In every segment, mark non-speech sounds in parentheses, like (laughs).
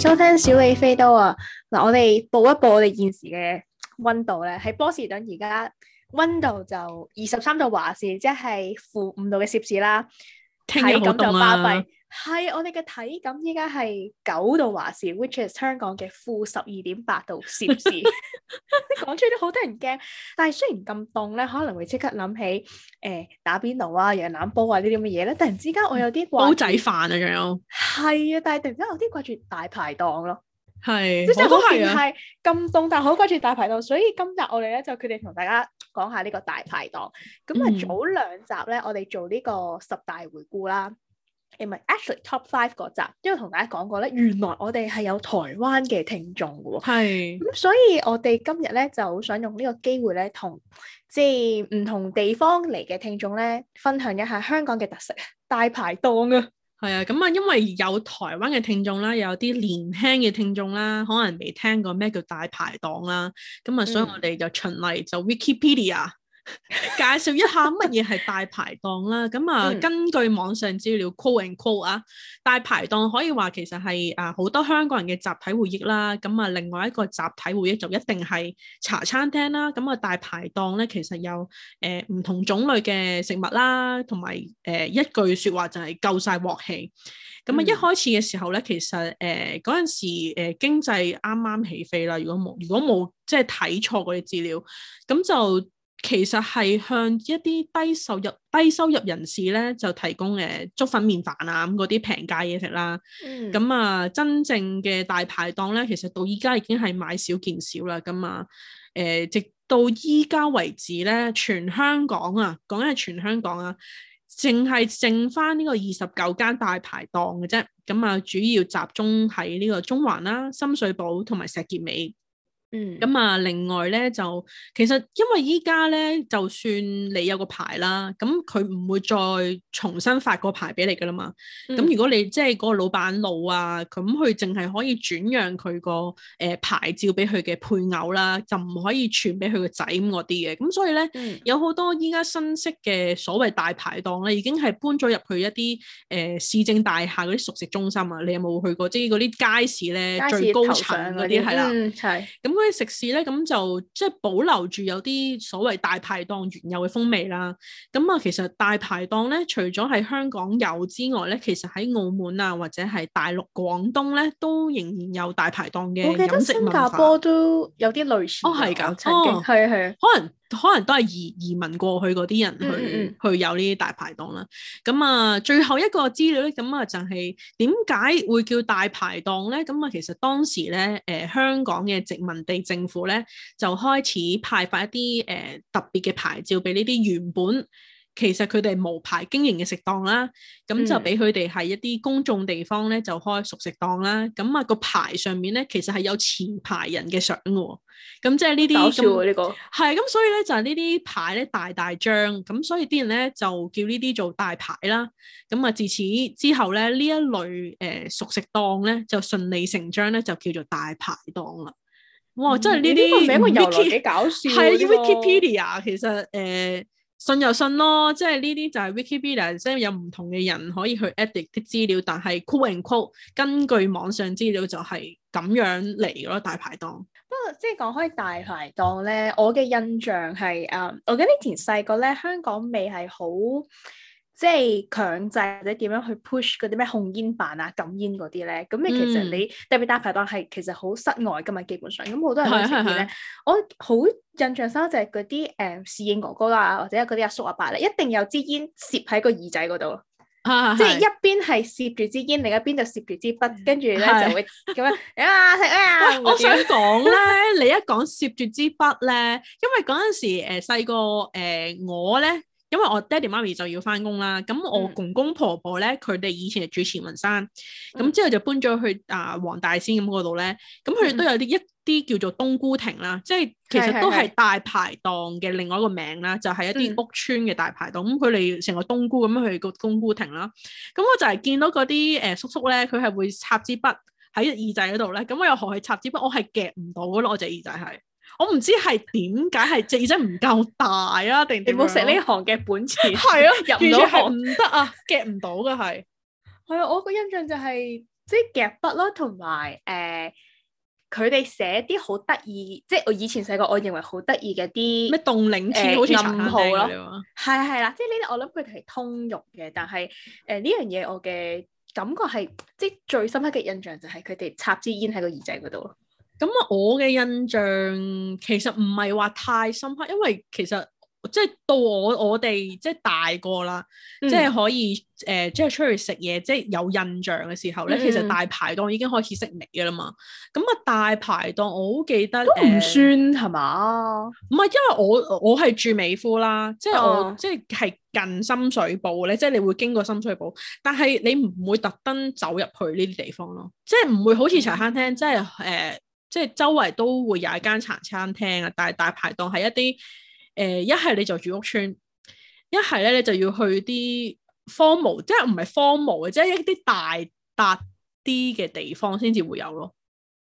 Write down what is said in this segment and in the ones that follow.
收聽小李飛刀啊！嗱，我哋報一報我哋現時嘅溫度咧，喺波士頓而家溫度就二十三度華氏，即係負五度嘅攝氏啦。啊、體感就巴閉。係我哋嘅體感依家係九度華氏 (laughs) ，which is 香港嘅負十二點八度攝氏。 (laughs) 你講 (laughs) 出都好得人驚，但係雖然咁凍咧，可能會即刻諗起誒、呃、打邊爐啊、羊腩煲啊呢啲咁嘅嘢咧。突然之間我有啲、嗯、掛住煲仔飯啊，仲有係啊，但係突然之間有啲掛住大排檔咯。係即係好變態，咁凍，的但係好掛住大排檔，所以今日我哋咧就決定同大家講下呢個大排檔。咁啊，早兩集咧，我哋做呢個十大回顧啦。誒咪，actually top five 嗰集，因為同大家講過咧，原來我哋係有台灣嘅聽眾嘅喎，係咁的、嗯，所以我哋今日咧就好想用個機呢個機會咧，同即係唔同地方嚟嘅聽眾咧，分享一下香港嘅特色大排檔啊，係啊，咁啊，因為有台灣嘅聽眾啦，有啲年輕嘅聽眾啦，可能未聽過咩叫大排檔啦，咁啊、嗯，所以我哋就循例就 Wikipedia。 (laughs) 介紹一下乜嘢係大排檔啦，咁啊，嗯、根據網上資料 Call and Call 啊，大排檔可以話其實係啊好多香港人嘅集體回憶啦，咁啊，另外一個集體回憶就一定係茶餐廳啦，咁啊，大排檔咧其實有誒呃、唔同種類嘅食物啦，同埋誒一句說話就係夠晒鑊氣，咁啊，嗯、一開始嘅時候咧，其實誒嗰陣時誒、呃、經濟啱啱起飛啦，如果冇如果冇即係睇錯嗰啲資料，咁就。其實係向一啲低收入低收入人士咧，就提供誒粥粉麵飯啊咁嗰啲平價嘢食啦。咁、嗯、啊，真正嘅大排檔咧，其實到依家已經係買少見少啦，咁啊誒、呃，直到依家為止咧，全香港啊，講緊係全香港啊，淨係剩翻呢個二十九間大排檔嘅啫。咁啊，主要集中喺呢個中環啦、啊、深水埗同埋石硤尾。咁啊，嗯、另外咧就，其實因為依家咧，就算你有個牌啦，咁佢唔會再重新發個牌俾你噶啦嘛。咁、嗯、如果你即係嗰個老闆老啊，咁佢淨係可以轉讓佢個誒牌照俾佢嘅配偶啦，就唔可以傳俾佢個仔咁嗰啲嘅。咁所以咧，嗯、有好多依家新式嘅所謂大排檔咧，已經係搬咗入去一啲誒、呃、市政大廈嗰啲熟食中心啊。你有冇去過？即係嗰啲街市咧，最高層嗰啲係啦，係。嗯啲食肆咧咁就即係、就是、保留住有啲所謂大排檔原有嘅風味啦。咁啊，其實大排檔咧，除咗喺香港有之外咧，其實喺澳門啊或者係大陸廣東咧，都仍然有大排檔嘅。我記得新加坡都有啲類似、啊。哦係㗎，曾經係啊係啊，哦、可能。可能都係移移民過去嗰啲人去、嗯、去，去有呢啲大排檔啦。咁啊，最後一個資料咧，咁啊就係點解會叫大排檔咧？咁啊，其實當時咧，誒、呃、香港嘅殖民地政府咧，就開始派發一啲誒、呃、特別嘅牌照俾呢啲原本。其實佢哋無牌經營嘅食檔啦，咁就俾佢哋喺一啲公眾地方咧就開熟食檔啦。咁、那、啊個牌上面咧，其實係有前排人嘅相嘅。咁即係呢啲，搞笑呢係咁所以咧就係呢啲牌咧大大張。咁所以啲人咧就叫呢啲做大牌啦。咁啊自此之後咧呢一類誒、呃、熟食檔咧就順理成章咧就叫做大牌檔啦。哇！嗯、真係呢啲名嘅由來幾搞笑。係啊，Wikipedia、這個、其實誒。呃信就信咯，即係呢啲就係 Wikipedia，即係有唔同嘅人可以去 edit 啲資料，但係 quote and quote 根據網上資料就係咁樣嚟咯，大排檔。不過即係講開大排檔咧，我嘅印象係啊，我記得以前細個咧，香港未係好。即係強制或者點樣去 push 嗰啲咩控煙辦啊、禁煙嗰啲咧？咁你其實你特別大排檔係其實好室外㗎嘛，基本上咁好多人都出現咧。是是是我好印象深刻係嗰啲誒侍應哥哥啊，或者嗰啲阿叔阿伯咧，一定有一支煙攝喺個耳仔嗰度，即係、啊、是一邊係攝住支煙，另一邊就攝住支筆，跟住咧是就會咁樣啊。啊，食啊？ (noise) 我想講咧，你一講攝住支筆咧，因為嗰陣時誒細個我咧。因為我爹哋媽咪就要翻工啦，咁我公公婆婆咧，佢哋以前係住慈雲山，咁、嗯、之後就搬咗去啊黃大仙咁嗰度咧，咁佢哋都有啲一啲叫做冬菇亭啦，嗯、即係其實都係大排檔嘅另外一個名啦，是是是就係一啲屋村嘅大排檔，咁佢哋成個冬菇咁樣去個冬菇亭啦，咁我就係見到嗰啲誒叔叔咧，佢係會插支筆喺耳仔嗰度咧，咁我又學去插支筆，我係夾唔到咯，我隻耳仔係。我唔知係點解係隻耳唔夠大啊？定冇寫呢行嘅本錢？係 (laughs) 啊，入唔到行唔得啊夾唔到嘅係。係啊， (laughs) 我個印象就係、是、即係夾筆咯，同埋誒，佢哋寫啲好得意，即係我以前細個我認為好得意嘅啲咩洞領字，好似、呃、茶壺咯。係係啦，即係呢啲我諗佢哋係通用嘅，但係誒呢樣嘢我嘅感覺係即係最深刻嘅印象就係佢哋插支煙喺個耳仔嗰度。咁啊，我嘅印象其實唔係話太深刻，因為其實即係到我我哋即係大個啦，即係、嗯、可以誒，即、呃、係、就是、出去食嘢，即、就、係、是、有印象嘅時候咧，嗯、其實大排檔已經開始識味㗎喇嘛。咁啊，大排檔我好記得都唔算係嘛，唔係、呃、吧因為我我係住美孚啦，就是哦、即係我即係係近深水埗咧，即、就、係、是、你會經過深水埗，但係你唔會特登走入去呢啲地方咯，即係唔會好似茶餐廳，即係誒。就是呃即係周圍都會有一間茶餐廳啊，但係大排檔係一啲誒，一、呃、係你就住屋村，一係咧你就要去啲荒蕪，即係唔係荒蕪嘅，即係一啲大笪啲嘅地方先至會有咯。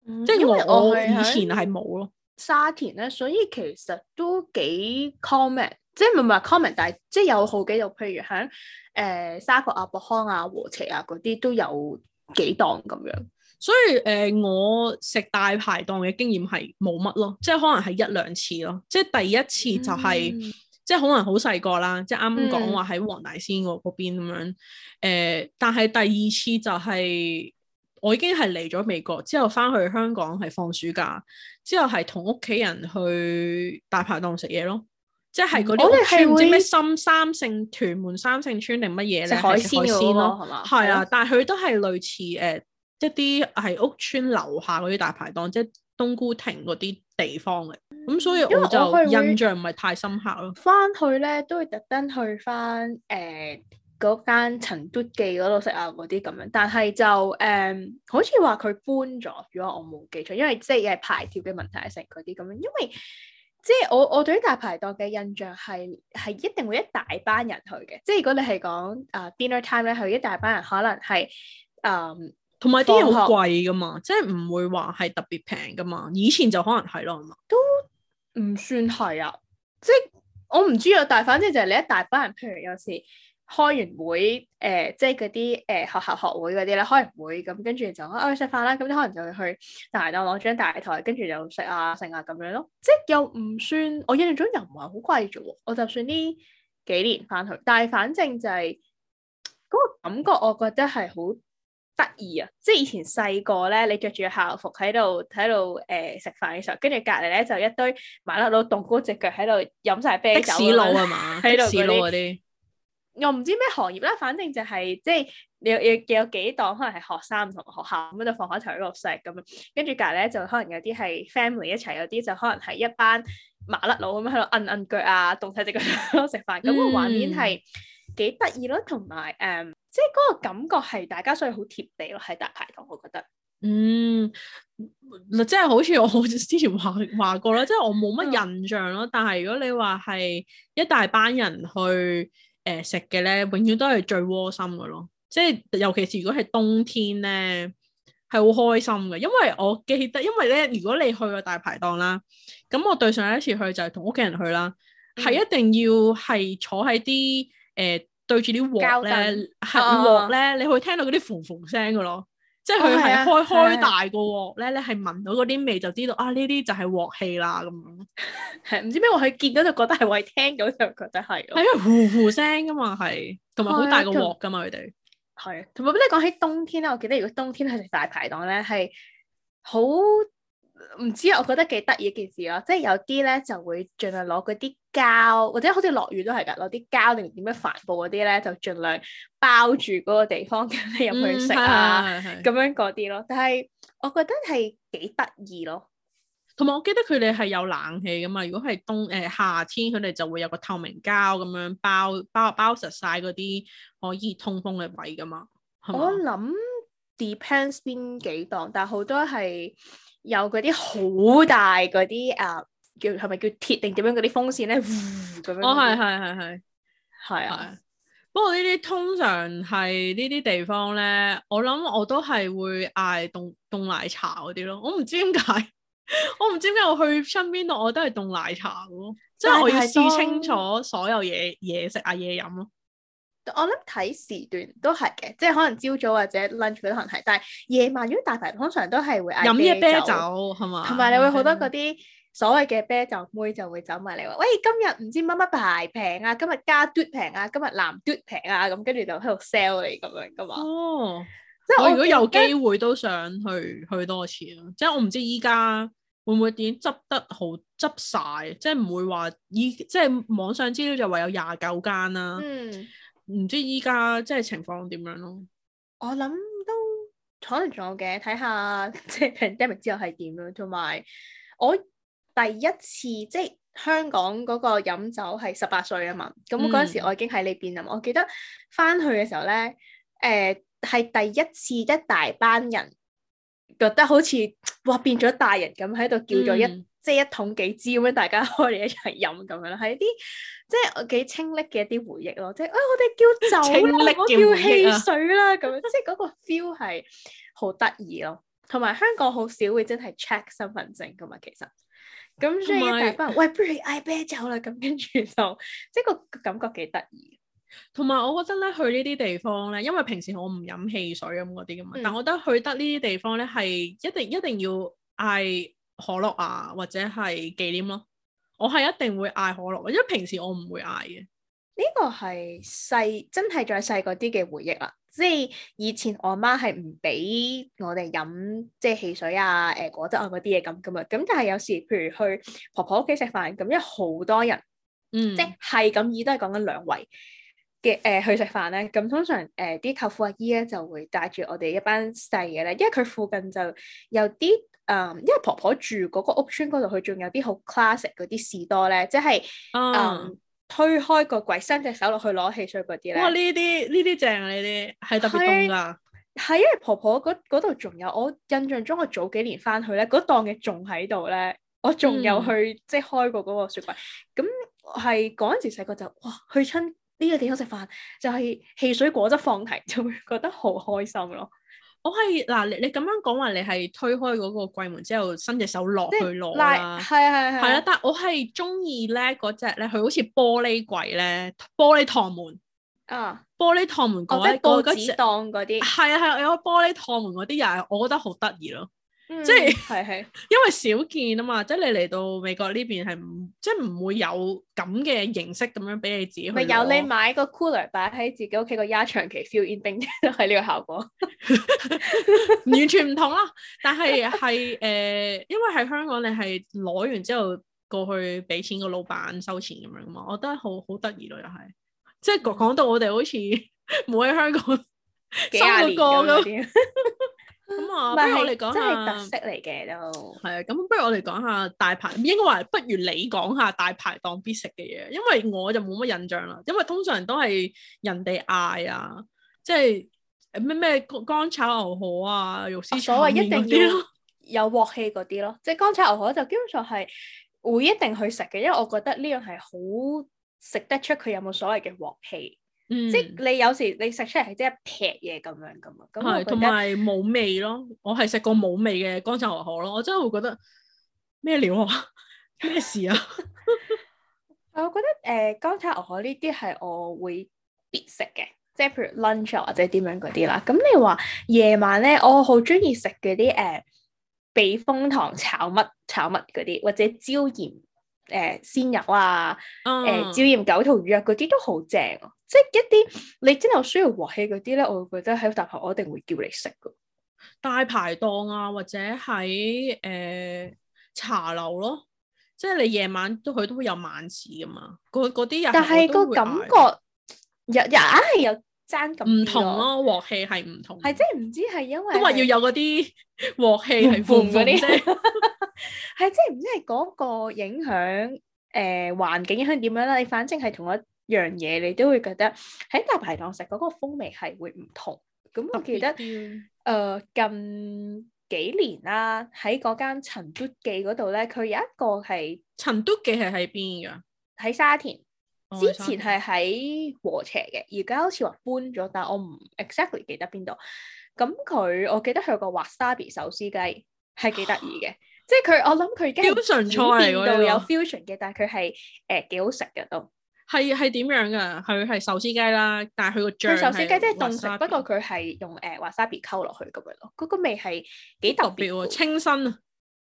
嗯、即係我因為我以前係冇咯沙田咧，所以其實都幾 common，即係唔係唔 common，但係即係有好幾度，譬如喺誒、呃、沙角阿、啊、博康啊、禾輋嗰啲都有幾檔咁樣。所以誒、呃，我食大排檔嘅經驗係冇乜咯，即係可能係一兩次咯。即係第一次就係、是嗯，即係可能好細個啦，即係啱啱講話喺黃大仙嗰邊咁樣誒、嗯呃。但係第二次就係、是、我已經係嚟咗美國之後，翻去香港係放暑假，之後係同屋企人去大排檔食嘢咯。即係嗰啲唔知咩深三聖、屯門三聖村定乜嘢咧？食海鮮咯、那個，係嘛、那個？係啊吧，但係佢都係類似誒。呃一啲係屋村樓下嗰啲大排檔，即係冬菇亭嗰啲地方嘅，咁所以我就印象唔係太深刻咯。翻去咧都會特登去翻誒嗰間陳嘟記嗰度食啊，嗰啲咁樣。但係就誒、呃，好似話佢搬咗，如果我冇記錯，因為即係又係排條嘅問題食嗰啲咁樣。因為即係我我對於大排檔嘅印象係係一定會一大班人去嘅。即係如果你係講啊 dinner time 咧，去一大班人可能係誒。呃同埋啲好貴噶嘛，學即係唔會話係特別平噶嘛。以前就可能係咯，係嘛？都唔算係啊，即係我唔知啊。但係反正就係你一大班，人，譬如有時開完會，誒、呃，即係嗰啲誒學校學,學會嗰啲咧開完會咁，跟住就、啊、去食飯啦。咁你可能就會去大檔攞張大台，跟住就啊食啊食啊咁樣咯。即係又唔算，我印象中又唔係好貴啫喎。我就算呢幾年翻去，但係反正就係、是、嗰、那個感覺，我覺得係好。得意啊！即係以前細個咧，你着住校服喺度喺度誒食飯嘅時候，跟住隔籬咧就一堆麻甩佬凍高隻腳喺度飲晒啤酒啦，係啊嘛？的士佬嗰啲，我唔知咩行業啦，反正就係即係有有有幾檔可能係學生同學校咁就放學，一齊喺度食咁樣，跟住隔籬咧就可能有啲係 family 一齊，有啲就可能係一班麻甩佬咁樣喺度摁摁腳啊，凍晒隻腳喺度食飯，咁個畫面係幾得意咯，同埋誒。嗯嗯即係嗰個感覺係大家所以好貼地咯，喺大排檔，我覺得，嗯，即係好似我之前話話過啦，即係我冇乜印象咯。 (laughs) 但係如果你話係一大班人去誒食嘅咧，永遠都係最窩心嘅咯。即係尤其是如果係冬天咧，係好開心嘅。因為我記得，因為咧，如果你去過大排檔啦，咁我對上一次去就係同屋企人去啦，係、嗯、一定要係坐喺啲誒。呃對住啲鑊咧，係椅鑊咧，啊、你會聽到嗰啲呼呼聲噶咯，即係佢係開開大個鑊咧，你係聞到嗰啲味就知道啊，呢啲就係鑊氣啦咁樣。係唔知咩話？佢見到就覺得係，喂聽到就覺得係。係因為呼呼聲噶嘛，係同埋好大個鑊噶嘛，佢哋、啊。係，同埋們、啊、你講起冬天咧，我記得如果冬天去食大排檔咧，係好唔知啊，我覺得幾得意一件事咯，即、就、係、是、有啲咧就會盡量攞嗰啲。膠或者好似落雨都係噶，攞啲膠定點樣帆布嗰啲咧，就盡量包住嗰個地方，你 (laughs) 入去食啊，咁、嗯、樣嗰啲咯。但係我覺得係幾得意咯。同埋，我記得佢哋係有冷氣噶嘛。如果係冬誒、呃、夏天，佢哋就會有個透明膠咁樣包包包實晒嗰啲可以通風嘅位噶嘛。我諗 depends 邊幾檔，但係好多係有嗰啲好大嗰啲誒。叫係咪叫鐵定點樣嗰啲風扇咧？咁樣哦，係係係係係啊！不過呢啲通常係呢啲地方咧，我諗我都係會嗌凍凍奶茶嗰啲咯。我唔知點解， (laughs) 我唔知點解我去身邊度我都係凍奶茶咯。即係我要試清楚所有嘢、嘢食啊，嘢飲咯。我諗睇時段都係嘅，即係可能朝早或者 lunch 嗰陣係，但係夜晚如果大排通常都係會嗌飲嘅啤酒係嘛，同埋你會好多嗰啲。嗎所謂嘅啤酒妹就會走埋嚟話，喂，今日唔知乜乜牌平啊，今日加嘟平啊，今日藍嘟平啊，咁跟住就喺度 sell 你咁樣，噶嘛？哦，即係我，我如果有機會都想去去多次咯，即係我唔知依家會唔會點執得好執晒，即係唔會話依即係網上資料就話有廿九間啦，嗯、唔知依家即係情況點樣咯？我諗都可能仲有嘅，睇下即係 David 之後係點咯，同埋我。第一次即係香港嗰個飲酒係十八歲啊嘛，咁嗰陣時我已經喺呢邊喇。我記得返去嘅時候咧，誒、呃、係第一次一大班人覺得好似哇變咗大人咁喺度叫咗一、嗯、即係一桶幾支咁樣大家開嚟一齊飲咁樣，係一啲即係幾清冽嘅一啲回憶咯。即係啊、哎，我哋叫酒啦，啊、叫汽水啦，咁樣即係嗰個 feel 係好得意咯。同埋香港好少會真係 check 身份證噶嘛，其實。咁所以一大班人，仲有，喂不如嗌啤酒啦，咁跟住就即係、就是、個感覺幾得意。同埋我覺得咧去呢啲地方咧，因為平時我唔飲汽水咁嗰啲噶嘛，嗯、但我覺得去得呢啲地方咧係一定一定要嗌可樂啊，或者係忌廉咯。我係一定會嗌可樂，因為平時我唔會嗌嘅。呢個係細真係再細個啲嘅回憶啦。即係以前我阿媽係唔俾我哋飲即係汽水啊、誒果汁啊嗰啲嘢咁噶嘛，咁但係有時譬如去婆婆屋企食飯咁，因為好多人，嗯，即係咁意都係講緊兩圍嘅誒去食飯咧，咁通常誒啲、呃、舅父阿姨咧就會帶住我哋一班細嘅咧，因為佢附近就有啲誒、嗯，因為婆婆住嗰個屋村嗰度，佢仲有啲好 classic 嗰啲士多咧，即係嗯。推開個櫃，伸隻手落去攞汽水嗰啲咧，哇！呢啲呢啲正啊，呢啲係特別凍㗎。係因為婆婆嗰度仲有，我印象中我早幾年翻去咧，嗰檔嘅仲喺度咧，我仲有去、嗯、即係開過嗰個雪櫃。咁係嗰陣時細個就哇，去親呢個地方食飯，就係、是、汽水果汁放題，就會覺得好開心咯。我係嗱、啊，你你咁樣講話，你係推開嗰個櫃門之後，伸隻手落去攞啦，係係係。係啦，但係我係中意咧嗰隻咧，佢好似玻璃櫃咧，玻璃趟門啊，玻璃趟門嗰一嗰嗰隻檔嗰啲，係啊係有玻璃趟門嗰啲又係，我覺得好得意咯。嗯、即係係係，係係因為少見啊嘛！即係你嚟到美國呢邊係唔即係唔會有咁嘅形式咁樣俾你自己去。嗯、有你買個 cooler 擺喺自己屋企個丫，長期 filling 都係呢個效果。完全唔同咯，但係係誒，因為喺香港你係攞完之後過去俾錢，個老闆收錢咁樣啊嘛，我覺得好好得意咯，又係、就係、即係講到我哋好似冇喺香港生活過幾廿年咁。不如我哋講下，真係特色嚟嘅都係啊。咁不，是不如我哋講，下，我講下大排，應該話不如你講下大排檔必食嘅嘢，因為我就冇乜印象啦。因為通常都係人哋嗌啊，即係咩咩乾炒牛河啊，肉絲所謂一定要有鑊氣嗰啲咯， (laughs) 有鑊氣嗰啲咯。即係乾炒牛河就基本上係會一定去食嘅，因為我覺得呢樣係好食得出佢有冇所謂嘅鑊氣。嗯，即係你有時你食出嚟係即一撇嘢咁樣咁啊，係，同埋冇味咯。我係食過冇味嘅乾炒牛河咯，我真係會覺得咩料啊，咩事啊？ (laughs) (laughs) 我覺得誒乾炒牛河呢啲係我會必食嘅，即係譬如 lunch 或者點樣嗰啲啦。咁你話夜晚咧，我好中意食嗰啲誒避風塘炒乜炒乜嗰啲，或者椒鹽。誒、呃、鮮肉啊，誒椒鹽九肚魚啊，嗰啲都好正，啊，即係一啲你真係需要和氣嗰啲咧，我會覺得喺大排檔我一定會叫你食嘅。大排檔啊，或者喺誒、呃、茶樓咯，即係你夜晚都佢都會有晚市㗎嘛。嗰啲人，但係個感覺，日日硬係有。有有有有唔同咯，鑊氣係唔同。係即係唔知係因為都話要有嗰啲鑊氣係嗰啲，係即係唔知係嗰個影響誒環境影響點樣啦？你反正係同一樣嘢，你都會覺得喺大排檔食嗰個風味係會唔同。咁我記得誒近幾年啦，喺嗰間陳篤記嗰度咧，佢有一個係陳篤記係喺邊噶？喺沙田。之前係喺和斜嘅，而家好似話搬咗，但係我唔 exactly 記得邊度。咁佢，我記得佢個 wasabi 手撕雞係幾得意嘅， (laughs) 即係佢我諗佢 fusion 菜 (laughs) 嗰度有 fusion 嘅， (laughs) 但係佢係誒幾好食嘅都。係，係點樣㗎？佢係手撕雞啦，但係佢個醬手撕雞即係凍食，末不過佢係用誒 wasabi 溝落去咁樣咯。嗰、嗰個味係幾特別喎，清新啊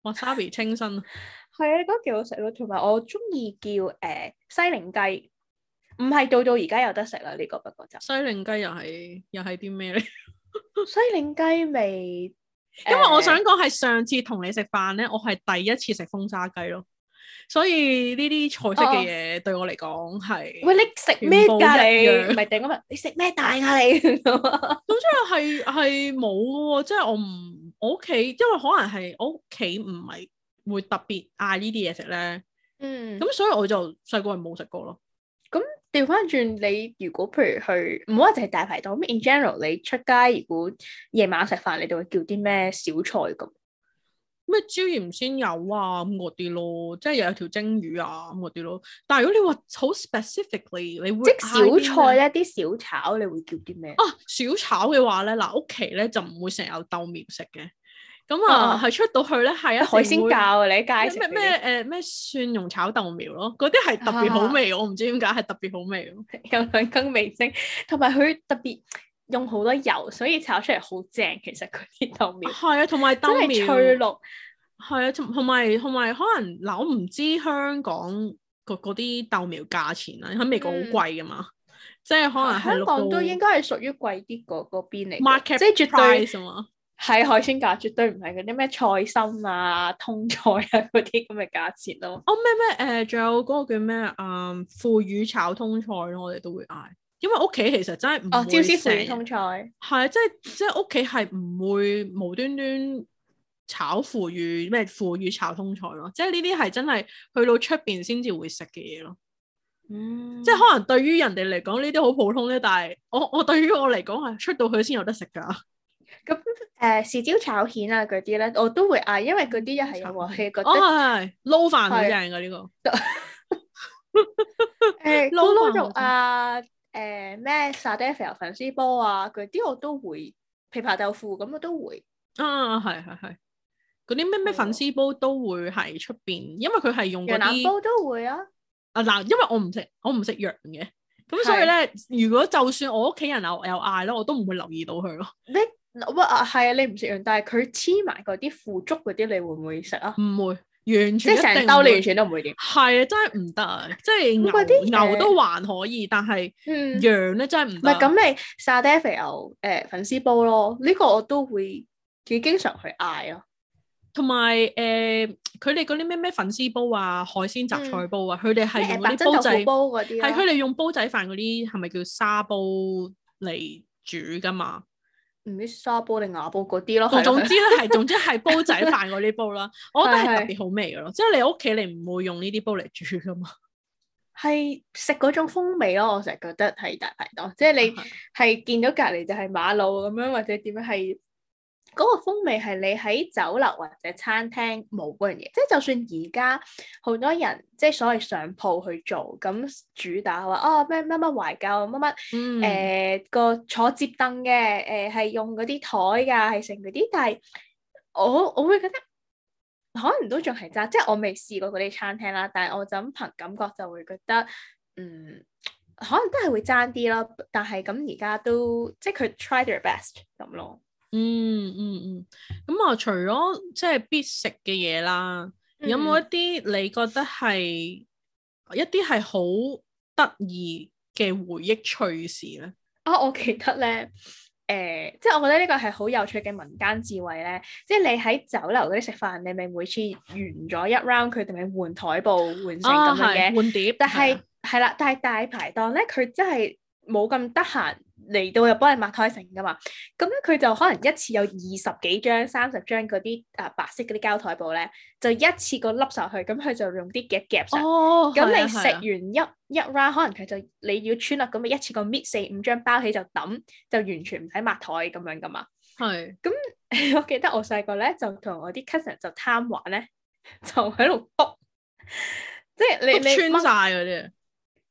！wasabi 清新啊！ (laughs) 係啊，都幾好食咯，同埋我中意叫誒、呃、西檸雞，唔係、嗯、到到而家有得食啦呢個不過就西檸雞又係又係啲咩咧？ (laughs) 西檸雞味，因為我想講係上次同你食飯咧，我係第一次食風沙雞咯，所以呢啲菜式嘅嘢對我嚟講係喂你食咩噶你？唔係定啊？唔你食咩大噶你？咁即係係冇，即係我唔我屋企，因為可能係我屋企唔係。會特別嗌呢啲嘢食咧，咁、嗯、所以我就細個係冇食過咯。咁調翻轉你，如果譬如去唔好話就係大排檔，咁 in general 你出街如果夜晚食飯，你就會叫啲咩小菜咁？咩椒鹽鮮魷啊咁嗰啲咯，即係又有條蒸魚啊咁嗰啲咯。但係如果你話好 specifically 你會即小菜咧，啲小炒你會叫啲咩啊？小炒嘅話咧，嗱，屋企咧就唔會成日有豆苗食嘅。咁、嗯、啊，係出到去咧，係啊，海鮮餃啊！你介紹咩咩誒咩蒜蓉炒豆苗咯？嗰啲係特別好味，啊、我唔知點解係特別好味。有兩羹味精，同埋佢特別用好多油，所以炒出嚟好正。其實佢啲豆苗係啊，同埋、嗯、真係翠綠。係啊、嗯，同同埋同埋，可能嗱，我唔知香港嗰啲豆苗價錢啦，喺美國好貴噶嘛，嗯、即係可能、啊、香港都應該係屬於貴啲嗰嗰邊嚟。Market price 係海鮮價，絕對唔係嗰啲咩菜心啊、通菜啊嗰啲咁嘅價錢咯。哦咩咩，誒，仲、呃、有嗰個叫咩啊、嗯？腐乳炒通菜咯，我哋都會嗌，因為屋企其實真係唔會食、哦、通菜，係即係即係屋企係唔會無端端炒腐乳咩腐乳炒通菜咯。即係呢啲係真係去到出邊先至會食嘅嘢咯。嗯，即係可能對於人哋嚟講呢啲好普通咧，但係我我，我對於我嚟講係出到去先有得食噶。咁誒，豉椒、呃、炒蜆啊，嗰啲咧，我都會嗌，因為嗰啲一係有鑊氣，覺得撈飯好正噶呢個。誒、哦，撈撈肉啊，誒、呃、咩沙嗲粉粉絲煲啊，嗰啲我都會，琵琶豆腐咁、啊、我都會。啊，係係係，嗰啲咩咩粉絲煲都會喺出邊，哦、因為佢係用嗰啲。越南煲都會啊。啊嗱，因為我唔食，我唔食羊嘅，咁所以咧，是如果就算我屋企人又又嗌咯，我都唔會留意到佢咯。你？嗱，啊，係啊，你唔食羊，但係佢黐埋嗰啲腐竹嗰啲，你會唔會食啊？唔會，完全即係成兜，你完全都唔會點。係啊，真係唔得啊！即係啲牛，呃、牛都還可以，但係羊咧，嗯、真係唔得。唔係咁，你沙爹肥牛誒，呃、粉絲煲咯，呢、這個我都會，幾經常去嗌咯，啊。同埋誒，佢哋嗰啲咩咩粉絲煲啊，海鮮雜菜煲啊，佢哋係用啲煲仔，係佢哋用煲仔飯嗰啲，係咪叫沙煲嚟煮噶嘛？唔知沙煲定瓦煲嗰啲咯，總之咧係 (laughs) 總之係煲仔飯嗰啲煲啦， (laughs) 我覺得係特別好味嘅咯，即係是你屋企你唔會用呢啲煲嚟煮噶嘛，係食嗰種風味咯，我成日覺得係大排檔， (laughs) 即係你係 (laughs) 見到隔籬就係馬路咁樣或者點樣係。嗰個風味係你喺酒樓或者餐廳冇嗰樣嘢，即係就算而家好多人即係所謂上鋪去做，咁主打話哦咩咩咩懷舊，乜乜誒個坐摺凳嘅，誒係用嗰啲台㗎，係成嗰啲，但係我我會覺得可能都仲係差，即係我未試過嗰啲餐廳啦，但係我就咁憑感覺就會覺得，嗯，可能都係會差啲咯，但係咁而家都即係佢 try their best 咁咯。嗯嗯嗯，咁、嗯嗯、我除咗即係必食嘅嘢啦，嗯、有冇一啲你覺得係一啲係好得意嘅回憶趣事咧？啊、哦，我記得咧，誒、呃，即係我覺得呢個係好有趣嘅民間智慧咧。即係你喺酒樓嗰啲食飯，你咪每次完咗一 round，佢哋咪換台布換成咁嘅、啊，換碟。但係係啦，但係大排檔咧，佢真係冇咁得閒。嚟到又幫你抹台成噶嘛，咁咧佢就可能一次有二十幾張、三十張嗰啲啊白色嗰啲膠台布咧，就一次個笠上去，咁佢就用啲夾夾實。哦，係咁你食完一、啊啊、一 round，可能佢就你要穿落，咁咪一次個搣四五張包起就抌，就完全唔使抹台咁樣噶嘛。係是。咁我記得我細個咧就同我啲 cousin 就貪玩咧，就喺度篤， (laughs) 即係你你穿曬嗰啲。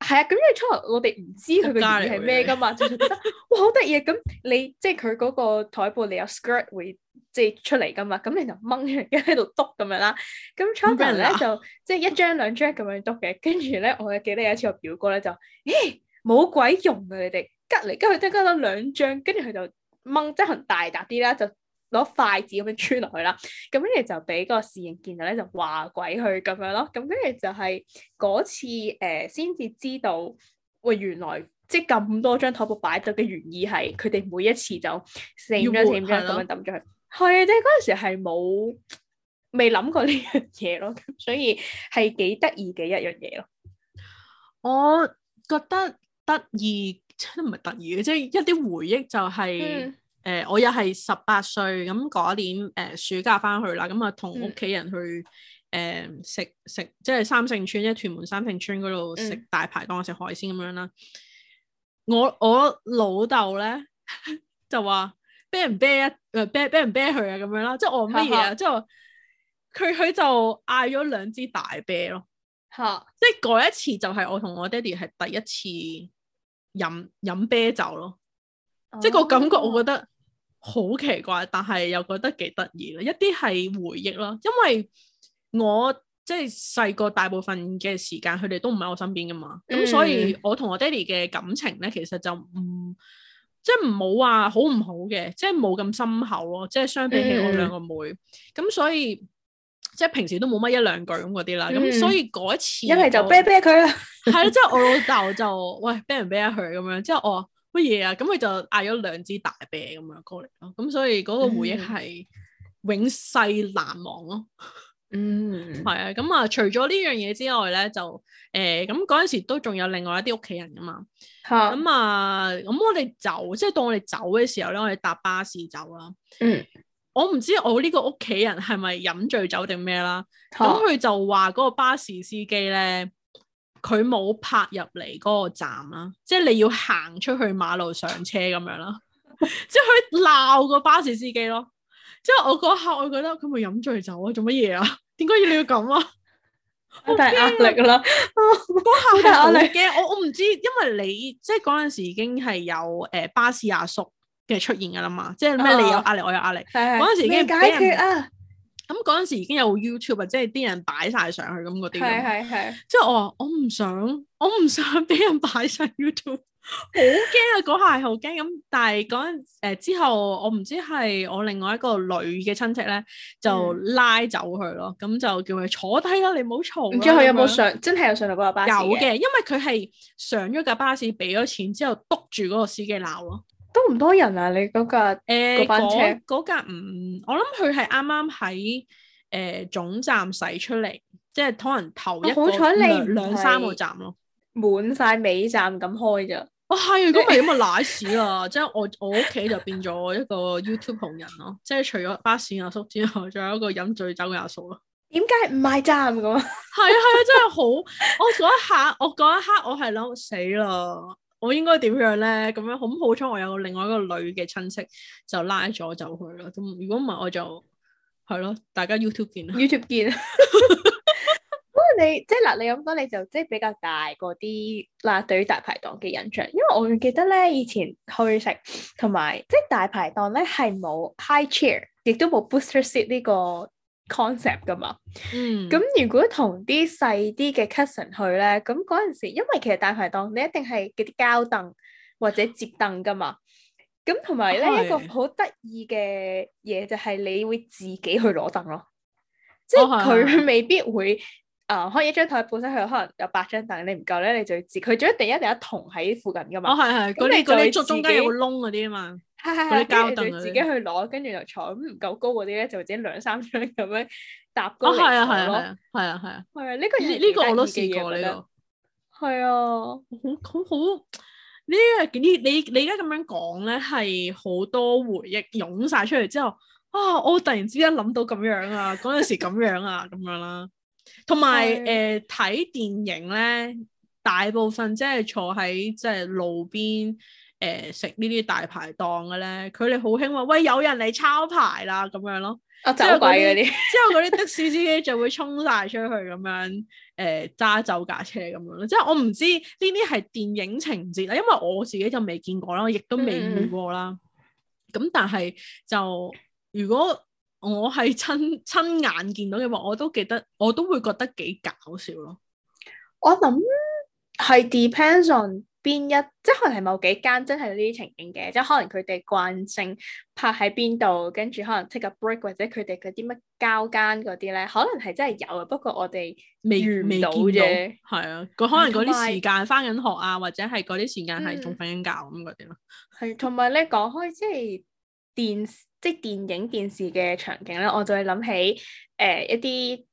係啊，咁、嗯、因為初頭我哋唔知佢嘅意係咩噶嘛， (laughs) 就覺得哇好得意啊！咁你即係佢嗰個台布，你有 skirt 會即係、就是、出嚟噶嘛？咁你就掹佢而家喺度篤咁樣啦。咁初頭咧就即係、就是、一張兩張咁樣篤嘅。跟住咧，我記得有一次我表哥咧就咦，冇鬼用啊！你哋隔離，跟佢得加咗兩張，跟住佢就掹即係大沓啲啦，就是、～就攞筷子咁樣穿落去啦，咁跟住就俾個侍應見到咧，就話鬼佢咁樣咯。咁跟住就係嗰次誒，先、呃、至知道，喂，原來即係咁多張台布擺到嘅原意係佢哋每一次就四張四張咁樣抌咗佢。係，即係嗰陣時係冇未諗過呢樣嘢咯，所以係幾得意嘅一樣嘢咯。我覺得得意真係唔係得意嘅，即係一啲回憶就係、是。嗯。誒、呃，我又係十八歲咁嗰年，誒、呃、暑假翻去啦，咁啊同屋企人去誒、嗯嗯、食食，即係三聖村，即係屯門三聖村嗰度食大排檔食海鮮咁樣啦、嗯。我我老豆咧就話啤唔啤一誒、呃、啤啤唔啤佢啊咁樣啦，即係我乜嘢啊？即係佢佢就嗌咗兩支大啤咯，嚇、嗯！嗯、即係嗰一次就係我同我爹哋係第一次飲飲啤酒咯，即係個感覺，我覺得。好奇怪，但係又覺得幾得意咯。一啲係回憶咯，因為我即係細個大部分嘅時間，佢哋都唔喺我身邊噶嘛。咁、嗯、所以我同我爹哋嘅感情咧，其實就唔即係唔好話好唔好嘅，即係冇咁深厚咯。即係相比起我兩個妹，咁、嗯、所以即係平時都冇乜一兩句咁嗰啲啦。咁、嗯、所以嗰一次因為就啤啤佢啦，係 (laughs) 咯，即係我老豆就喂，啤唔啤佢咁樣，之後我。乜嘢啊？咁佢、哎、就嗌咗兩支大啤咁樣過嚟咯。咁、那個、所以嗰個回憶係永世難忘咯、啊。嗯，係啊。咁啊，除咗呢樣嘢之外咧，就誒咁嗰陣時都仲有另外一啲屋企人噶嘛。係。咁啊，咁、啊、我哋走，即係當我哋走嘅時候咧，我哋搭巴士走啦。嗯。我唔知我呢個屋企人係咪飲醉酒定咩啦？咁佢、啊、就話嗰個巴士司機咧。佢冇泊入嚟嗰個站啦、啊，即係你要行出去馬路上車咁樣啦、啊，即係佢鬧個巴士司機咯。即係我嗰刻我覺得佢咪飲醉酒啊，做乜嘢啊？點解要你要咁啊？好大壓力㗎啦！啊，嗰 (laughs) 刻係壓力嘅。我我唔知，因為你即係嗰陣時已經係有誒、呃、巴士阿叔嘅出現噶啦嘛，即係咩你有壓力，我有壓力。嗰陣、哦、時已經俾人解決啊～咁嗰陣時已經有 YouTube 啊，即係啲人擺晒上去咁嗰啲，係係係。即係我話我唔想，我唔想俾人擺晒 YouTube，好 (laughs) 驚啊！嗰下係好驚。咁但係嗰陣誒之後，我唔知係我另外一個女嘅親戚咧，就拉走佢咯。咁、嗯、就叫佢坐低啦，你唔好嘈。唔知佢有冇上？樣真係有上到嗰個巴士有嘅？因為佢係上咗架巴士，俾咗錢之後，督住嗰個司機鬧咯。多唔多人啊？你嗰架？誒、欸，嗰嗰架唔，我諗佢係啱啱喺誒總站駛出嚟，即係拖人頭一個兩三個站咯，滿晒尾站咁開咋？哇、啊，係，咁咪咁啊瀨屎啦！即係我我屋企就變咗一個 YouTube 紅人咯，即係除咗巴士阿叔，叔之外，仲有一個飲醉酒嘅阿叔咯。點解唔賣站噶？係啊係啊，真係好！我嗰一刻，我嗰一刻，我係嬲死啦～我應該點樣咧？咁樣好，好彩我有另外一個女嘅親戚就拉咗走去啦。咁如果唔係我就係咯，大家 YouTube 見。YouTube 見。不過 (laughs) (laughs) 你即係嗱，你咁講你就即係、就是、比較大個啲嗱，對於大排檔嘅印象，因為我記得咧以前去食同埋即係大排檔咧係冇 high chair，亦都冇 booster seat 呢、這個。concept 噶嘛，咁、嗯、如果同啲細啲嘅 cousin 去咧，咁嗰陣時，因為其實大排檔你一定係嗰啲膠凳或者折凳噶嘛，咁同埋咧一個好得意嘅嘢就係你會自己去攞凳咯，的即係佢未必會，啊、哦呃、可以一張台本身佢可能有八張凳，你唔夠咧，你就要折，佢就一定一定一桶喺附近噶嘛，哦係係，咁、嗯、那你你做中間有個窿嗰啲啊嘛。係係係，跟住、 (noise) 哎、呀自己去攞， (noise) 跟住就坐。唔夠高嗰啲咧，就自己兩三張咁樣搭。哦，係啊，係啊，係啊，係啊。係啊，呢、 (noise) 啊呢個呢呢我都試過呢、呢個。係啊，好好、嗯、好，呢件你你而家咁樣講咧，係好多回憶湧晒出嚟之後，啊，我突然之間諗到咁樣啊，嗰陣 (laughs) 時咁樣啊，咁樣啦。同埋誒睇電影咧，大部分即係坐喺即係路邊。誒食呢啲大排檔嘅咧，佢哋好興話，喂，有人嚟抄牌啦咁樣咯，啊走鬼嗰啲，之後嗰啲的士司機就會衝晒出去咁樣，誒揸、呃、走架車咁樣咯，即、就、係、是、我唔知呢啲係電影情節啦，因為我自己就未見過啦，亦都未遇過啦。咁、嗯嗯、但係就如果我係親親眼見到嘅話，我都記得我都會覺得幾搞笑咯。我諗係 depends on。邊一即係可能係某幾間真係有呢啲情景嘅，即係可能佢哋慣性拍喺邊度，跟住可能 take a break 或者佢哋嗰啲乜交間嗰啲咧，可能係真係有嘅。不過我哋未未見到，係啊，佢可能嗰啲時間返緊、嗯、學啊，或者係嗰啲時間係仲瞓緊覺咁嗰啲咯。係、嗯，同埋咧講開即係電即係、就是、電影電視嘅場景咧，我就會諗起誒、呃、一啲。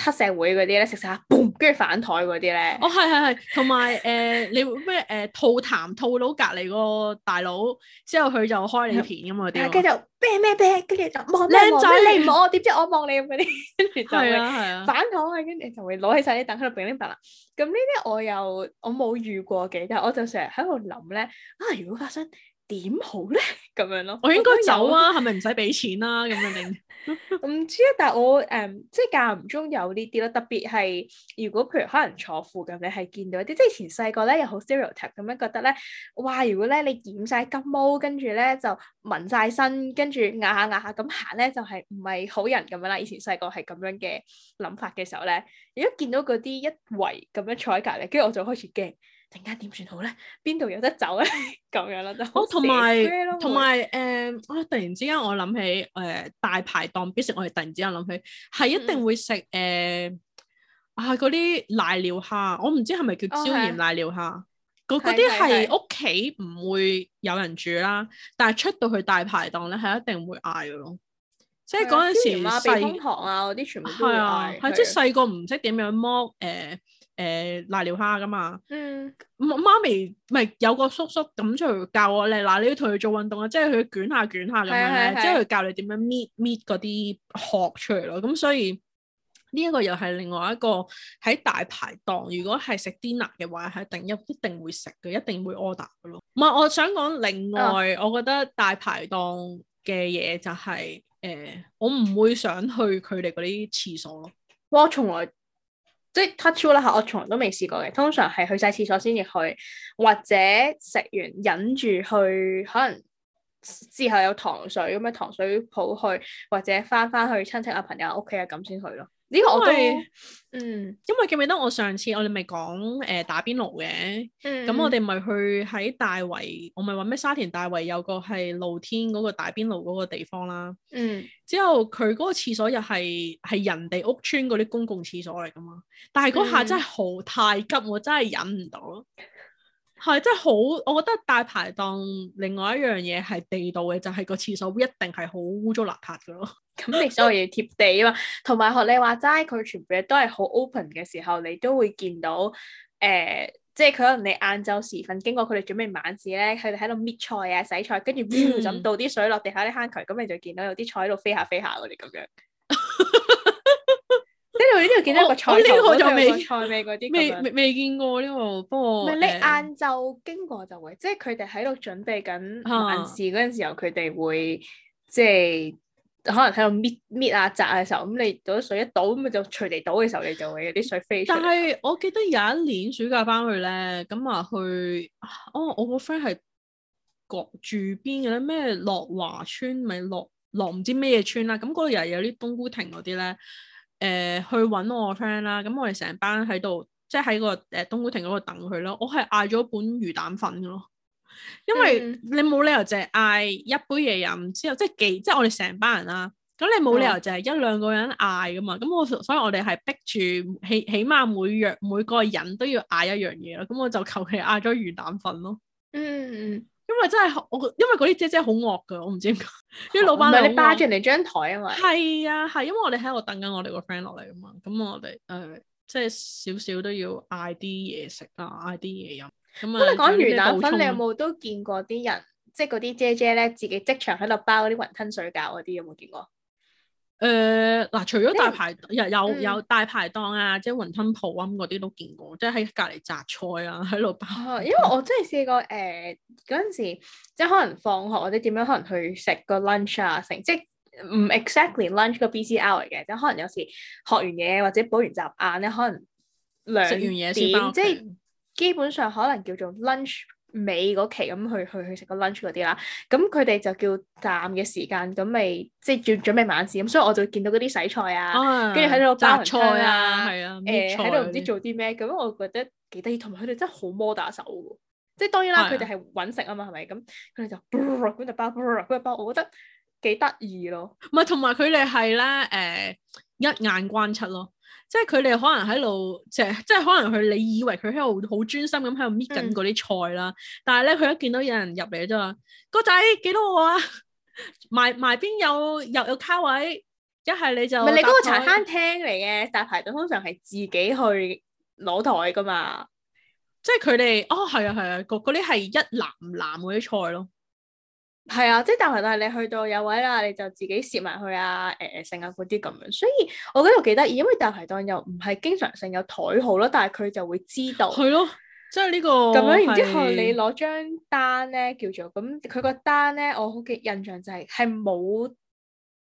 黑社會嗰啲咧，食晒，下跟住反台嗰啲咧。哦，係係係，同埋誒你會咩誒吐痰吐到隔離個大佬，之後佢就開你片咁嗰啲。跟住就咩咩啤，跟住就望靚仔你望我，點知我望你咁嗰啲。係啊係啊，反台，跟住就會攞起晒啲凳喺度 bling bling 啦。咁呢啲我又我冇遇過嘅，但係我就成日喺度諗咧，啊如果發生，點好咧？咁樣咯，我應該走啊，係咪唔使俾錢啦？咁樣定唔知啊？ (laughs) (laughs) 知但係我誒、嗯，即係間唔中有呢啲啦，特別係如果譬如可能坐附近你係見到一啲即係以前細個咧，又好 serious 咁樣覺得咧，哇！如果咧你染晒金毛，跟住咧就紋晒身，跟住下呀下咁行咧，就係唔係好人咁樣啦？以前細個係咁樣嘅諗法嘅時候咧，如果見到嗰啲一圍咁樣坐喺隔離，跟住我就開始驚。突然間點算好咧？邊度有得走咧？咁 (laughs) 樣啦，就好同埋同埋誒啊！呃、我突然之間我諗起誒、呃、大排檔，必食？我哋突然之間諗起，係一定會食誒啊嗰啲瀨尿蝦，我唔知係咪叫椒鹽瀨尿蝦。嗰啲係屋企唔會有人煮啦，但係出到去大排檔咧係一定會嗌嘅咯。即係嗰陣時細，避風塘啊嗰啲全部都會嗌。係即細個唔識點樣剝誒。嗯嗯誒，瀨、呃、尿蝦噶嘛？嗯，媽咪咪有個叔叔咁出嚟教我咧，嗱，你要同佢做運動啊，即係佢捲下捲下咁樣，即係佢教你點樣搣搣嗰啲殼出嚟咯。咁所以呢一、這個又係另外一個喺大排檔，如果係食 dinner 嘅話，係定一一定會食嘅，一定會 order 㗎咯。唔係，我想講另外，嗯、我覺得大排檔嘅嘢就係、是、誒、呃，我唔會想去佢哋嗰啲廁所咯。我從來。即係 touch 啦，吓，我從來都未試過嘅。通常係去晒廁所先至去，或者食完忍住去，可能。之後有糖水咁樣，糖水舖去或者翻翻去親戚啊、朋友屋企啊咁先去咯。呢個為我都嗯，因為記唔記得我上次我哋咪講誒打邊爐嘅，咁、嗯、我哋咪去喺大圍，我咪話咩沙田大圍有個係露天嗰個打邊爐嗰個地方啦。嗯，之後佢嗰個廁所又係係人哋屋村嗰啲公共廁所嚟噶嘛，但係嗰下真係好、嗯、太急，我真係忍唔到。係，即係好，我覺得大排檔另外一樣嘢係地道嘅就係、是、個廁所一定係好污糟邋遢㗎囉。咁 (laughs) 你所謂要貼地啊嘛，同埋學你話齋佢全部嘢都係好 open 嘅時候，你都會見到誒、呃，即係佢可能你晏晝時分經過佢哋準備晚市咧，佢哋喺度搣菜啊、洗菜，跟住就咁倒啲水落地下啲坑渠，咁你就見到有啲菜喺度飛下飛下嗰啲咁樣。呢度見到一個菜頭，呢、哦這個就未未未見過呢個。不過，你晏晝經過就會，嗯、即係佢哋喺度準備緊面事嗰陣時候，佢哋、啊、會即係可能喺度搣搣啊、紮嘅時候，咁你倒啲水一倒，咁咪就隨地倒嘅時候，你就會有啲水飛出。但係我記得有一年暑假翻去咧，咁啊去，哦，我個 friend 係國住邊嘅咧？咩？樂華村咪落落唔知咩嘢村啦？咁嗰度又係有啲冬菇亭嗰啲咧。那那誒、呃、去揾我個 friend 啦，咁我哋成班喺度，即係喺、個誒冬菇亭嗰度等佢咯。我係嗌咗本魚蛋粉㗎咯，因為你冇理由淨係嗌一杯嘢飲之後，即係幾即係我哋成班人啦，咁你冇理由就係一兩個人嗌噶嘛。咁我所以我哋係逼住起起碼每樣每個人都要嗌一樣嘢咯。咁我就求其嗌咗魚蛋粉咯。嗯。因為真係我，因為嗰啲姐姐好惡㗎，我唔知點解。因為老闆唔、哦、你霸住人哋張台啊嘛。係啊，係因，、啊啊、因為我哋喺度等緊我哋個 friend 落嚟啊嘛。咁我哋誒即係少少都要嗌啲嘢食啊，嗌啲嘢飲。咁啊，講、嗯、樣魚蛋粉，你有冇都見過啲人，嗯、即係嗰啲姐姐咧，自己即場喺度包嗰啲雲吞水餃嗰啲有冇見過？誒嗱、呃，除咗大排檔，實有有有大排檔啊，嗯、即係雲吞鋪啊，嗰啲都見過，即係喺隔離摘菜啊，喺度闆。因為我真係試過誒，嗰、呃、陣時即係可能放學或者點樣，可能去食個 lunch 啊，成即係唔 exactly lunch 個 BCL 嚟嘅，即係可能有時學完嘢或者補完習晏咧，可能食完嘢先。即係基本上可能叫做 lunch。尾嗰期咁、嗯、去去去食個 lunch 嗰啲啦，咁佢哋就叫站嘅時間，咁、嗯、咪即係要準備晚市咁，所以我就見到嗰啲洗菜啊，跟住喺度包菜啊，誒喺度唔知做啲咩？咁我覺得幾得意，同埋佢哋真係好摩打手喎，即係當然啦，佢哋係揾食啊嘛，係咪？咁佢哋就咁就包，咁就包，我覺得幾、啊、得意咯，唔係同埋佢哋係啦，誒、呃。一眼關七咯，即係佢哋可能喺度即係，即係可能佢你以為佢喺度好專心咁喺度搣緊嗰啲菜啦，嗯、但係咧佢一見到有人入嚟啫嘛，個、嗯、仔幾多個啊？ (laughs) 埋埋邊有有有卡位？一係你就咪你嗰個茶餐廳嚟嘅，但係排隊通常係自己去攞台噶嘛，即係佢哋哦，係啊係啊，嗰啲係一籃籃嗰啲菜咯。係啊，即係大排檔，你去到有位啦，你就自己攝埋去啊，誒、呃，剩啊嗰啲咁樣。所以我嗰度幾得意，因為大排檔又唔係經常性有台號咯，但係佢就會知道。係咯，即係呢個。咁樣，然之後的你攞張單咧，叫做咁，佢個單咧，我好記印象就係係冇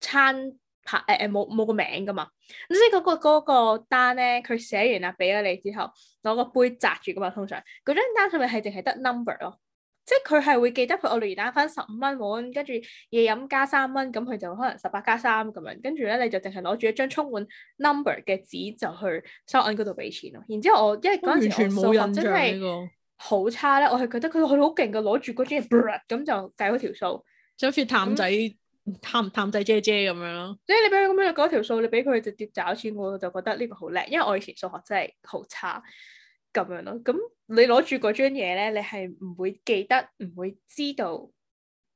餐牌，誒、呃、誒，冇冇個名噶嘛。唔知嗰個嗰、嗰個單咧，佢寫完啦，俾咗你之後，攞個杯砸住噶嘛，通常嗰張單上咪係淨係得 number 咯。即係佢係會記得佢我落完單翻十五蚊碗，跟住嘢飲加三蚊，咁佢就可能十八加三咁樣，跟住咧你就淨係攞住一張充滿 number 嘅紙就去收銀嗰度俾錢咯。然之後我因為嗰陣時我數學真係好差咧，我係覺得佢佢好勁噶，攞住嗰張咁就計嗰條數，就好似探仔、嗯、探探仔姐姐咁樣咯。誒你俾佢咁樣你計條數，你俾佢直接找錢我就覺得呢個好叻，因為我以前數學真係好差咁樣咯，咁。你攞住嗰張嘢咧，你係唔會記得，唔會知道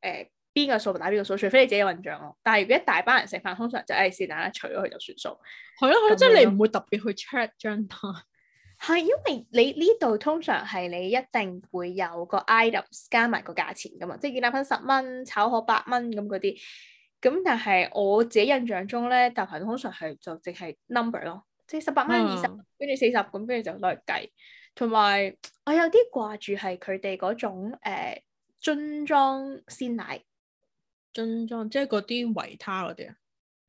誒邊、呃、個數打邊個數，除非你自己有印象咯。但係如果一大班人食飯，通常就誒是但一除咗佢就算數。係咯係咯，即係這樣 你唔會特別去 check 張單。係因為你呢度通常係你一定會有個 item 加埋個價錢噶嘛，即係意蛋粉十蚊，炒河八蚊咁嗰啲。咁但係我自己印象中咧，大排檔通常係就淨係 number 咯，即係十八蚊、二十，跟住四十咁，跟住就攞嚟計。同埋，有 (noise) 我有啲掛住係佢哋嗰種誒樽裝鮮奶，樽裝即係嗰啲維他嗰啲啊，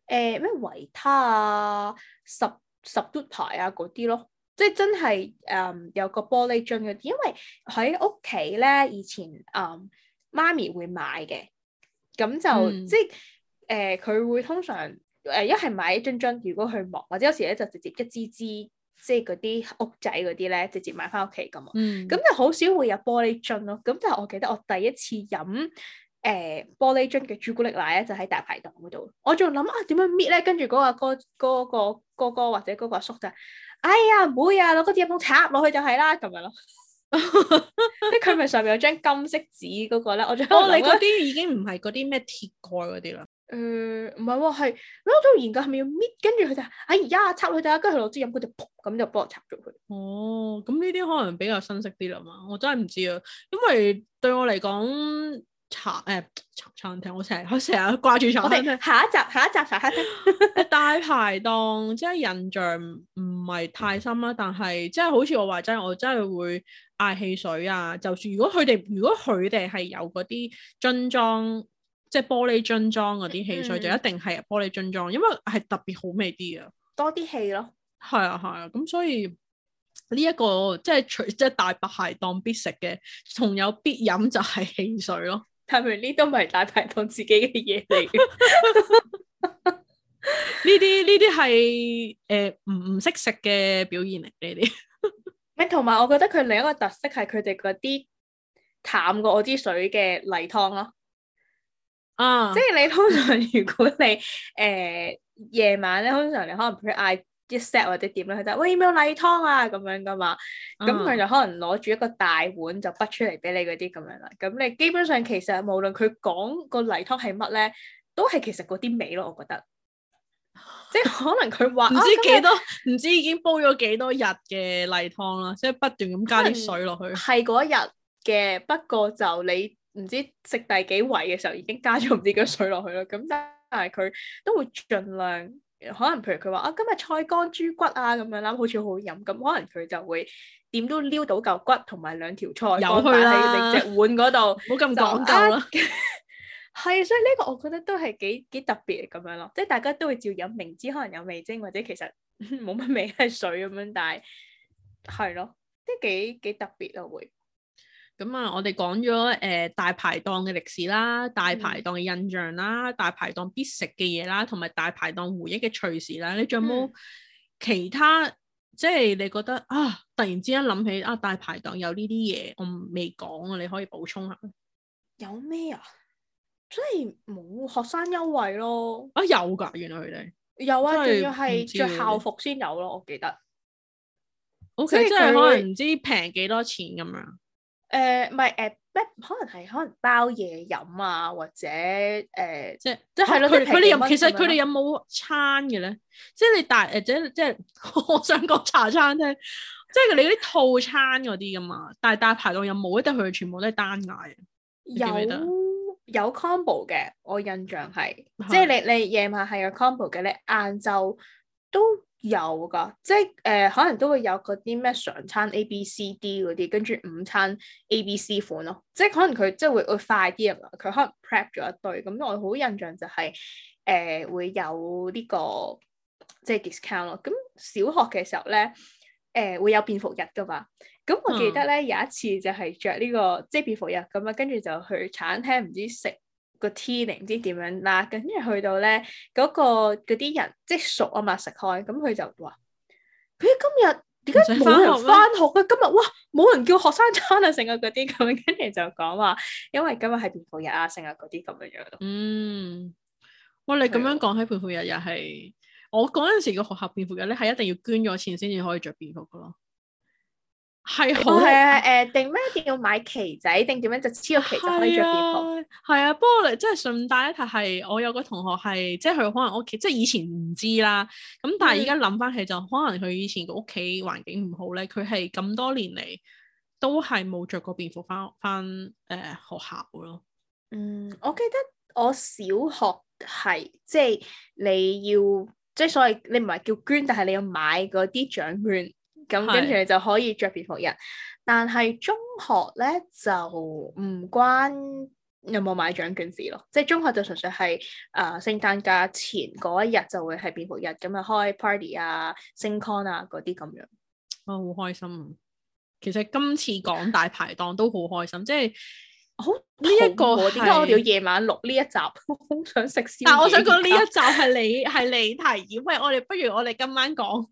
誒咩維他啊，十十嘟牌啊嗰啲咯，即係真係誒、嗯、有個玻璃樽嗰啲，因為喺屋企咧以前誒媽、嗯、咪會買嘅，咁就、嗯、即係誒佢會通常誒一係買樽樽，如果去忙或者有時咧就直接一支支。即係嗰啲屋仔嗰啲咧，直接買翻屋企咁，咁就好少會有玻璃樽咯。咁就係我記得我第一次飲誒、呃、玻璃樽嘅朱古力奶咧，就喺大排檔嗰度。我仲諗啊，點樣搣咧？跟住嗰個哥，哥、嗰個哥哥，哥哥或者嗰個叔，叔就，哎呀唔會啊，攞嗰啲飲筒插落去就係啦，咁樣咯。即係佢咪上面有張金色紙嗰個咧？我哦，你嗰啲已經唔係嗰啲咩鐵蓋嗰啲啦。誒，唔係喎，係攞咗研究係咪要搣，跟住佢就哎呀插佢去，去就，跟住攞支飲就只，咁就幫我插咗佢。哦，咁呢啲可能比較新式啲啦嘛，我真係唔知啊，因為對我嚟講茶誒餐廳，我成日我成日掛住餐廳。下一集下一集茶餐廳。哈哈 (laughs) 大排檔即係印象唔係太深啦，但係即係好似我話齋，我真係會嗌汽水啊。就算如果佢哋如果佢哋係有嗰啲樽裝。即係玻璃樽裝嗰啲汽水、嗯、就一定係玻璃樽裝，因為係特別好味啲啊！多啲氣咯，係啊係啊，咁所以呢、這、一個即係除即係大排檔必食嘅，仲有必飲就係汽水咯。譬如呢？都唔係大排檔自己嘅嘢嚟。嘅、呃？呢啲呢啲係誒唔唔識食嘅表現嚟嘅呢？咁同埋，我覺得佢另一個特色係佢哋嗰啲淡過我啲水嘅例湯咯、啊。啊！Uh. 即係你通常如果你誒夜、 (laughs) 呃、晚咧，通常你可能嗌一 set 或者點咧，佢就喂有冇例湯啊咁樣噶嘛？咁佢、uh. 就可能攞住一個大碗就不出嚟俾你嗰啲咁樣啦。咁你基本上其實無論佢講個例湯係乜咧，都係其實嗰啲味咯，我覺得。 (laughs) 即係可能佢話唔知幾、啊、多，唔知已經煲咗幾多日嘅例湯啦，即係不斷咁加啲水落去。係嗰日嘅，不過就你。 (laughs) 唔知食第幾位嘅時候已經加咗唔知少水落去啦，咁但係佢都會盡量，可能譬如佢話：我、啊、今日菜乾豬骨啊咁樣啦，好似好飲，咁可能佢就會點都撩到嚿骨同埋兩條菜放落喺另一隻碗嗰度。冇咁講究咯，係、啊， (laughs) 所以呢個我覺得都係幾幾特別咁樣咯，即、就、係、是、大家都會照飲，明知可能有味精或者其實冇乜味係水咁樣，但係係咯，都幾幾，幾特別啊會。咁啊，我哋講咗誒大排檔嘅歷史啦，大排檔嘅印象啦，嗯、大排檔必食嘅嘢啦，同埋大排檔回憶嘅趣事啦。你仲有冇其他？嗯、即係你覺得啊，突然之間諗起啊，大排檔有呢啲嘢，我未講啊，你可以補充下。有咩啊？即係冇學生優惠咯。啊，有㗎，原來佢哋有啊，仲要係着校服先有咯，啊，我記得。OK，即係可能唔知平幾多錢咁樣。誒唔係誒，uh, uh, 可能係可能包嘢飲啊，或者誒、uh，即即係咯。佢佢哋有其實佢哋有冇餐嘅咧、 (laughs) uh,？即係你大誒，即即係我想講茶餐廳，即係你啲套餐嗰啲㗎嘛。但係大排檔有冇，得佢全部都係單嗌。有有 combo 嘅，我印象係，的即係你你夜晚係有 combo 嘅，你晏晝都。有噶，即係誒、呃，可能都會有嗰啲咩常餐 A、B、C、D 嗰啲，跟住午餐 A、B、C 款咯，即係可能佢即係會會快啲啊嘛，佢可能 prep 咗一堆，咁我好印象就係、是、誒、呃、會有呢、這個即係 discount 咯，咁小學嘅時候咧誒、呃、會有便服日噶嘛，咁我記得咧、嗯、有一次就係着呢個即係便服日咁啊，跟住就去餐廳唔知食。那個 T 定唔知點樣啦，跟住去到咧嗰個嗰啲人即熟啊嘛食開，咁佢就話，佢今日點解翻學翻學啊，今日哇冇人叫學生餐啊，成啊嗰啲咁，跟住就講話，因為今日係便服日啊，成啊嗰啲咁樣樣咯。嗯，哇！你咁樣講喺便服日又係，的我嗰陣時個學校便服日咧係一定要捐咗錢先至可以着便服噶咯。係好係啊，誒，定咩？一定要買旗仔，定點樣就黐個旗就可以着便服？係啊，不過你真係順帶一提，係我有個同學係，即係佢可能屋企，即係以前唔知啦。咁但係而家諗翻起就，可能佢以前個屋企環境唔好咧，佢係咁多年嚟都係冇着過便服翻翻誒學校咯。嗯，我記得我小學係即係你要即係所謂你唔係叫捐，但係你要買嗰啲獎券。咁跟住你就可以着便服日，是但係中學咧就唔關有冇買獎券事咯，即、就、係、是、中學就純粹係誒聖誕假前嗰一日就會係便服日咁啊，開 party 啊、升 con 啊嗰啲咁樣。啊、哦，好開心其實今次講大排檔都好開心，的即係好呢一個點解我哋要夜晚錄呢一集？我 (laughs) 好想食，但我想講呢一集係你係 (laughs) 你，你，你提議，喂，我哋不如我哋今晚講。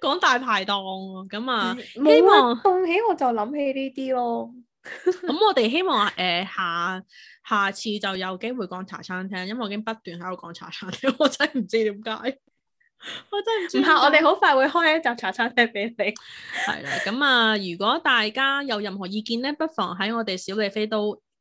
講大排檔咁、嗯、望啊，希望凍起我就諗起呢啲咯。咁、 (laughs) 嗯、我哋希望誒、呃、下下次就有機會講茶餐廳，因為我已經不斷喺度講茶餐廳，我真係唔知點解。我真係唔怕。我哋好快會開一集茶餐廳俾你。係 (laughs) 啦，咁、嗯、啊，嗯、 (laughs) 如果大家有任何意見咧，不妨喺我哋小李飛都